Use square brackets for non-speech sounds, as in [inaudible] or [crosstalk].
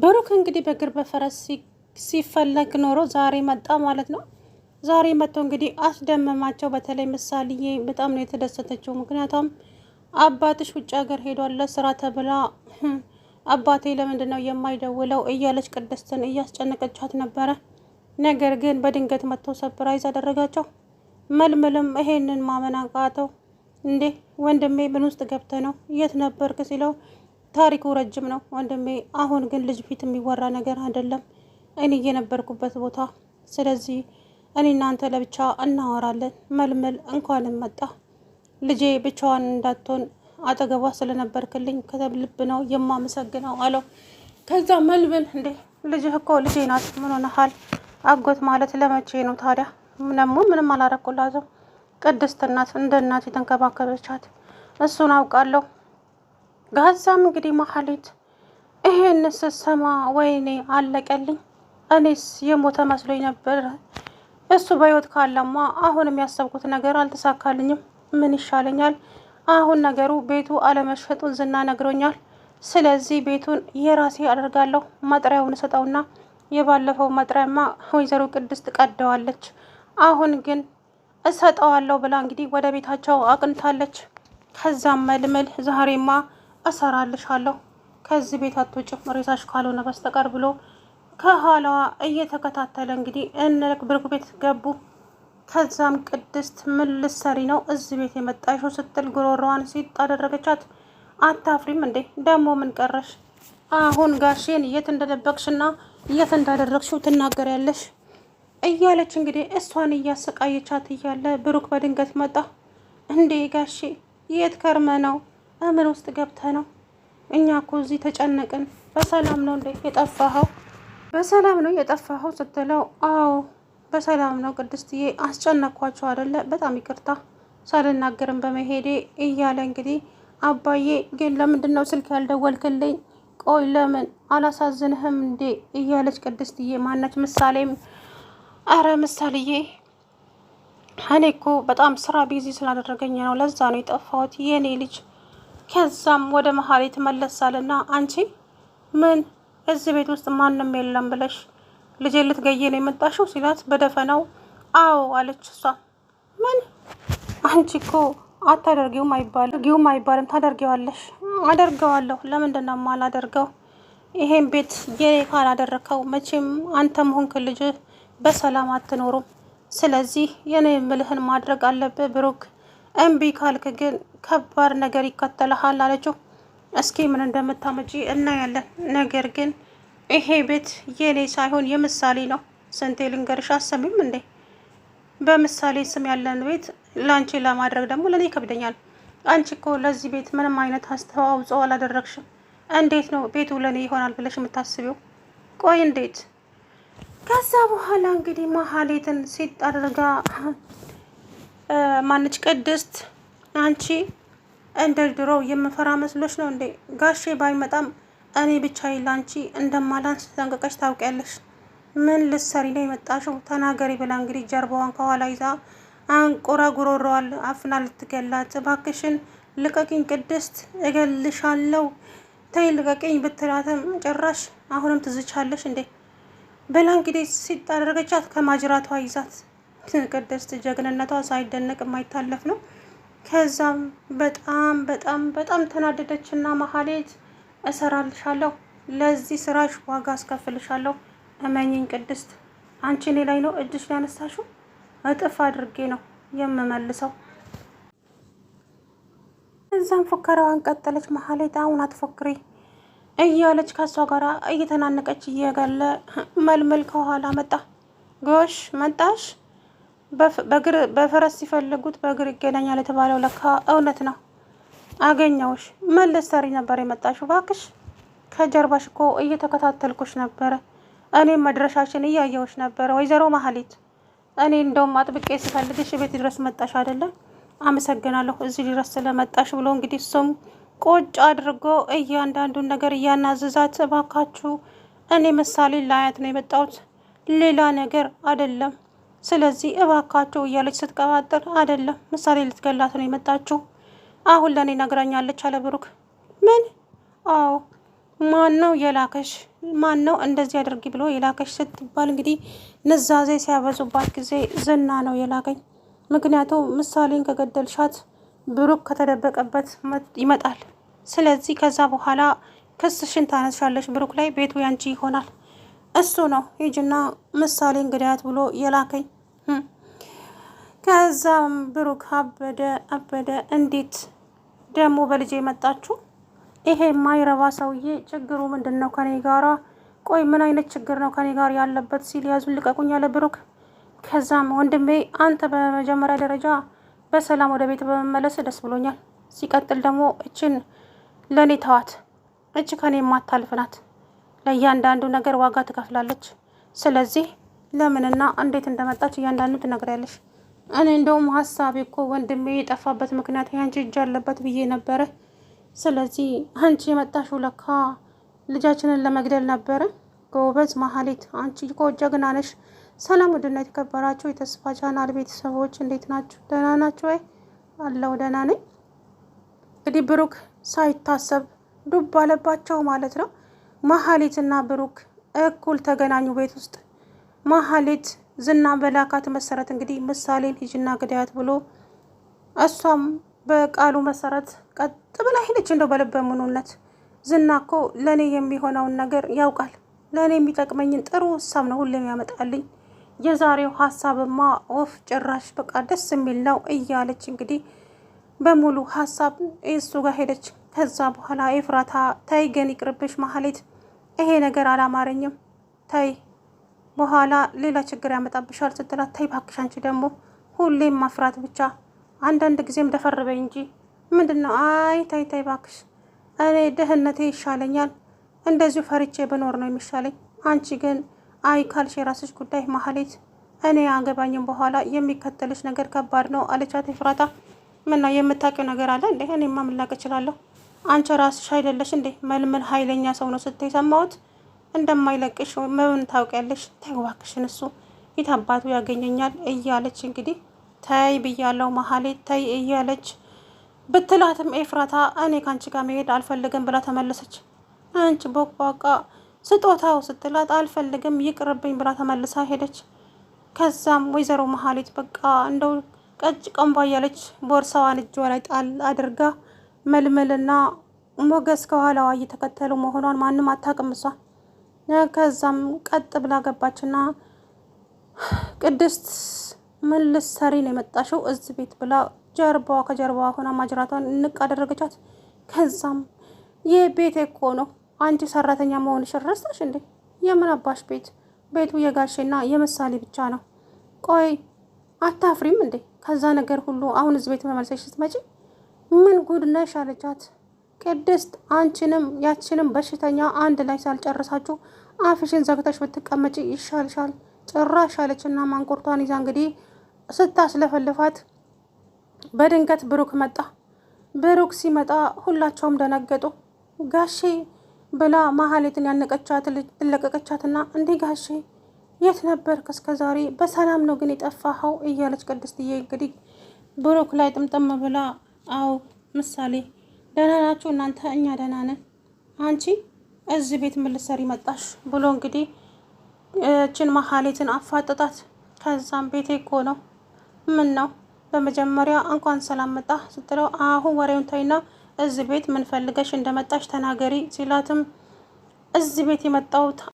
ብሩክ እንግዲህ በእግር በፈረስ ሲፈለግ ኖሮ ዛሬ መጣ ማለት ነው። ዛሬ መጥቶ እንግዲህ አስደመማቸው። በተለይ ምሳሌዬ በጣም ነው የተደሰተችው። ምክንያቱም አባትሽ ውጭ ሀገር ሄዷል ለስራ ተብላ [clears throat] አባቴ ለምንድን ነው የማይደውለው እያለች ቅድስትን እያስጨነቀቻት ነበረ። ነገር ግን በድንገት መጥቶ ሰፕራይዝ አደረጋቸው። መልምልም ይሄንን ማመን አቃተው። እንዴ ወንድሜ ምን ውስጥ ገብተ ነው የት ነበርክ ሲለው ታሪኩ ረጅም ነው ወንድሜ። አሁን ግን ልጅ ፊት የሚወራ ነገር አይደለም። እኔ የነበርኩበት ቦታ። ስለዚህ እኔ እናንተ ለብቻ እናወራለን። መልመል እንኳንም መጣ። ልጄ ብቻዋን እንዳትሆን አጠገቧ ስለነበርክልኝ ከልብ ነው የማመሰግነው አለው። ከዛ መልመል እንዴ ልጅህ እኮ ልጄ ናት። ምን ሆነሃል? አጎት ማለት ለመቼ ነው ታዲያ? ደግሞ ምንም አላረኩላትም። ቅድስት እናት እንደ እናት የተንከባከበቻት እሱን አውቃለሁ። ጋዛም እንግዲህ መሀሌት ይሄን ስሰማ ወይኔ አለቀልኝ፣ እኔስ የሞተ መስሎኝ ነበር። እሱ በህይወት ካለማ አሁንም ያሰብኩት ነገር አልተሳካልኝም። ምን ይሻለኛል አሁን? ነገሩ ቤቱ አለመሸጡን ዝና ነግሮኛል። ስለዚህ ቤቱን የራሴ አደርጋለሁ። መጥሪያውን ሰጠውና የባለፈው መጥሪያማ ወይዘሮ ቅድስት ቀደዋለች። አሁን ግን እሰጠዋለሁ ብላ እንግዲህ ወደ ቤታቸው አቅንታለች። ከዛም መልምል ዛሬማ እሰራልሻለሁ ከዚህ ቤት አትወጪ ሬሳሽ ካልሆነ በስተቀር ብሎ ከኋላዋ እየተከታተለ እንግዲህ እንልክ ብርጉ ቤት ገቡ። ከዛም ቅድስት ምን ልትሰሪ ነው እዚህ ቤት የመጣሽው ስትል ጉሮሮዋን ሲጥ አደረገቻት። አታፍሪም እንዴ ደግሞ ምን ቀረሽ? አሁን ጋሼን የት እንደደበቅሽና የት እንዳደረግሽው ትናገሪያለሽ እያለች እንግዲህ እሷን እያሰቃየቻት እያለ ብሩክ በድንገት መጣ። እንዴ ጋሼ የት ከርመ ነው ምን ውስጥ ገብተ ነው? እኛ እኮ እዚህ ተጨነቅን። በሰላም ነው እንዴ የጠፋኸው? በሰላም ነው የጠፋኸው ስትለው፣ አዎ በሰላም ነው ቅድስትዬ፣ አስጨነኳቸው አደለ? በጣም ይቅርታ ሳልናገርም በመሄዴ እያለ እንግዲህ አባዬ ግን ለምንድን ነው ስልክ ያልደወልክልኝ? ቆይ ለምን አላሳዝንህም እንዴ እያለች ቅድስትዬ ማነች ምሳሌም፣ አረ ምሳሌዬ እኔ እኮ በጣም ስራ ቢዚ ስላደረገኝ ነው ለዛ ነው የጠፋሁት የኔ ልጅ ከዛም ወደ መሀሌት መለሳልና አንቺ ምን እዚህ ቤት ውስጥ ማንም የለም ብለሽ ልጄ ልትገይ ነው የመጣሽው ሲላት በደፈነው አዎ አለች። እሷ ምን አንቺ እኮ አታደርጊውም አይባል ጊውም አይባልም ታደርጊዋለሽ። አደርገዋለሁ። ለምንድን ነው የማላደርገው? ይሄን ቤት የኔ ካላደረከው መቼም አንተም ሆንክ ልጅ በሰላም አትኖሩም። ስለዚህ የኔ ምልህን ማድረግ አለብህ ብሩክ እምቢ ካልክ ግን ከባድ ነገር ይከተልሃል አለችው። እስኪ ምን እንደምታመጪ እናያለን። ነገር ግን ይሄ ቤት የኔ ሳይሆን የምሳሌ ነው። ስንቴ ልንገርሽ አሰሚም እንዴ? በምሳሌ ስም ያለን ቤት ለአንቺ ለማድረግ ደግሞ ለእኔ ይከብደኛል። አንቺ እኮ ለዚህ ቤት ምንም አይነት አስተዋጽኦ አላደረግሽም። እንዴት ነው ቤቱ ለእኔ ይሆናል ብለሽ የምታስቢው? ቆይ እንዴት? ከዛ በኋላ እንግዲህ መሀሌትን ሲጥ ማነች ቅድስት፣ አንቺ እንደ ድሮ የምፈራ መስሎች ነው እንዴ? ጋሼ ባይመጣም እኔ ብቻዬን ለአንቺ እንደማላንስ ተጠንቀቀች ታውቂያለሽ። ምን ልትሰሪ ነው የመጣሽው? ተናገሪ ብላ እንግዲህ ጀርባዋን ከኋላ ይዛ አንቆራ ጉሮሮዋል አፍና ልትገላት፣ እባክሽን ልቀቂኝ ቅድስት፣ እገልሻለሁ ተይ ልቀቂኝ ብትላትም ጭራሽ አሁንም ትዝቻለሽ እንዴ ብላ እንግዲህ ሲጣደረገቻት ከማጅራቷ ይዛት ቅድስት ጀግንነቷ ሳይደነቅ የማይታለፍ ነው። ከዛም በጣም በጣም በጣም ተናደደች እና መሀሌት እሰራልሻለሁ፣ ለዚህ ስራሽ ዋጋ አስከፍልሻለሁ። እመኝኝ ቅድስት፣ አንቺ እኔ ላይ ነው እጅሽ ሊያነሳሹ እጥፍ አድርጌ ነው የምመልሰው። እዛም ፉከራዋን ቀጠለች። መሀሌት አሁን አትፎክሪ እያለች ከሷ ጋር እየተናነቀች እየገለ መልመል ከኋላ መጣ። ጎሽ መጣሽ በፈረስ ሲፈልጉት በእግር ይገናኛል የተባለው ለካ እውነት ነው። አገኘውሽ። ምን ልትሰሪ ነበር የመጣሽው? እባክሽ ከጀርባሽ እኮ እየተከታተልኩሽ ነበረ። እኔም መድረሻሽን እያየውሽ ነበረ። ወይዘሮ ማህሌት፣ እኔ እንደውም አጥብቄ ስፈልግሽ ቤት ድረስ መጣሽ አይደለም። አመሰግናለሁ እዚህ ድረስ ስለመጣሽ ብሎ እንግዲህ እሱም ቁጭ አድርጎ እያንዳንዱን ነገር እያናዘዛት፣ እባካችሁ እኔ ምሳሌ ላያት ነው የመጣሁት ሌላ ነገር አይደለም ስለዚህ እባካችሁ እያለች ስትቀባጥር አይደለም ምሳሌ ልትገላት ነው የመጣችው። አሁን ለእኔ ነግራኛለች አለ ብሩክ። ምን? አዎ ማን ነው የላከሽ? ማን ነው እንደዚህ አድርጊ ብሎ የላከሽ ስትባል እንግዲህ ንዛዜ ሲያበዙባት ጊዜ ዝና ነው የላከኝ። ምክንያቱም ምሳሌን ከገደልሻት ብሩክ ከተደበቀበት ይመጣል። ስለዚህ ከዛ በኋላ ክስሽን ታነሳለሽ ብሩክ ላይ፣ ቤቱ ያንቺ ይሆናል። እሱ ነው ሂጂና ምሳሌ እንግዳያት ብሎ የላከኝ። ከዛም ብሩክ አበደ አበደ። እንዴት ደግሞ በልጄ የመጣችሁ ይሄ የማይረባ ሰውዬ ችግሩ ምንድን ነው ከኔ ጋራ? ቆይ ምን አይነት ችግር ነው ከኔ ጋር ያለበት ሲል ያዙን ልቀቁኝ አለ ብሩክ። ከዛም ወንድሜ አንተ በመጀመሪያ ደረጃ በሰላም ወደ ቤት በመመለስ ደስ ብሎኛል። ሲቀጥል ደግሞ እችን ለእኔ ተዋት፣ እች ከኔ የማታልፍ ናት። ለእያንዳንዱ ነገር ዋጋ ትከፍላለች። ስለዚህ ለምንና እንዴት እንደመጣች እያንዳንዱ ትነግሪያለሽ። እኔ እንደውም ሀሳቤ እኮ ወንድሜ የጠፋበት ምክንያት ያንቺ እጅ አለበት ብዬ ነበረ። ስለዚህ አንቺ የመጣሽው ለካ ልጃችንን ለመግደል ነበረ። ጎበዝ መሀሌት፣ አንቺ እኮ ጀግና ነሽ። ሰላም ውድና የተከበራችሁ የተስፋ ቻናል ቤተሰቦች እንዴት ናችሁ? ደህና ናችሁ ወይ? አለው ደህና ነኝ። እንግዲህ ብሩክ ሳይታሰብ ዱብ አለባቸው ማለት ነው። ማህሌትና ብሩክ እኩል ተገናኙ ቤት ውስጥ። ማህሌት ዝና በላካት መሰረት እንግዲህ ምሳሌን ልጅና ግዳያት ብሎ እሷም በቃሉ መሰረት ቀጥ ብላ ሄደች። እንደው በልበ ሙሉነት ዝና እኮ ለእኔ የሚሆነውን ነገር ያውቃል። ለእኔ የሚጠቅመኝን ጥሩ ሀሳብ ነው ሁሌም ያመጣልኝ። የዛሬው ሀሳብማ ወፍ ጭራሽ በቃ ደስ የሚል ነው እያለች እንግዲህ በሙሉ ሀሳብ እሱ ጋር ሄደች። ከዛ በኋላ ኤፍራታ ተይ ግን ይቅርብሽ ማህሌት ይሄ ነገር አላማረኝም፣ ተይ በኋላ ሌላ ችግር ያመጣብሻል ስትላት፣ ተይ እባክሽ አንቺ ደግሞ ሁሌም ማፍራት ብቻ አንዳንድ ጊዜም ደፈርበኝ እንጂ ምንድን ነው? አይ ተይ ተይ እባክሽ እኔ ድህነቴ ይሻለኛል፣ እንደዚሁ ፈርቼ ብኖር ነው የሚሻለኝ። አንቺ ግን አይ ካልሽ የራስሽ ጉዳይ ማህሌት፣ እኔ አገባኝም በኋላ የሚከተልሽ ነገር ከባድ ነው አለቻት። ፍራታ ምና የምታውቂው ነገር አለ እንዴ? እኔማ ምን ላቅ እችላለሁ አንቺ ራስሽ አይደለሽ እንዴ ምን ምን ኃይለኛ ሰው ነው ስትይ ሰማሁት። እንደማይለቅሽ ምን ታውቂያለሽ? ተይ እባክሽን እሱ የት አባቱ ያገኘኛል እያለች እንግዲህ ተይ ብያለው መሀሌት ተይ እያለች ብትላትም ኤፍራታ እኔ ከአንቺ ጋር መሄድ አልፈልግም ብላ ተመለሰች። አንቺ ቦቅቧቃ ስጦታው ስትላት አልፈልግም ይቅርብኝ ብላ ተመልሳ ሄደች። ከዛም ወይዘሮ መሀሌት በቃ እንደው ቀጭ ቀንባ እያለች ቦርሳዋን እጇ ላይ ጣል አድርጋ መልመልና ሞገስ ከኋላዋ እየተከተሉ መሆኗን ማንም አታውቅም። እሷ ከዛም ቀጥ ብላ ገባችና ቅድስት ምን ልትሰሪ ነው የመጣሽው እዚህ ቤት ብላ ጀርባዋ ከጀርባዋ ሆና ማጅራቷን እንቅ አደረገቻት። ከዛም ይህ ቤቴ እኮ ነው አንቺ ሰራተኛ መሆንሽ ረሳሽ እንዴ? የምን አባሽ ቤት? ቤቱ የጋሼና የምሳሌ ብቻ ነው። ቆይ አታፍሪም እንዴ? ከዛ ነገር ሁሉ አሁን እዚህ ቤት መመልሰሽ ስትመጪ ምን ጉድ ነሽ አለቻት። ቅድስት አንቺንም ያችንም በሽተኛ አንድ ላይ ሳልጨርሳችሁ አፍሽን ዘግተሽ ብትቀመጪ ይሻልሻል ጭራሽ አለችና ማንቁርቷን ይዛ እንግዲህ ስታስለፈልፋት በድንገት ብሩክ መጣ። ብሩክ ሲመጣ ሁላቸውም ደነገጡ። ጋሼ ብላ መሀሌትን ያነቀቻት ትለቀቀቻትና እንዲህ ጋሼ የት ነበርክ እስከ ዛሬ? በሰላም ነው ግን የጠፋኸው? እያለች ቅድስትዬ እንግዲህ ብሩክ ላይ ጥምጥም ብላ አዎ ምሳሌ ደህና ናችሁ እናንተ? እኛ ደህና ነን። አንቺ እዚህ ቤት ምን ልትሰሪ መጣሽ? ብሎ እንግዲህ እችን መሀሌትን አፋጠጣት። ከዛም ቤቴ እኮ ነው። ምን ነው በመጀመሪያ እንኳን ሰላም መጣ ስትለው አሁን ወሬውን ተይና እዚህ ቤት ምን ፈልገሽ እንደመጣሽ ተናገሪ ሲላትም እዚህ ቤት የመጣሁት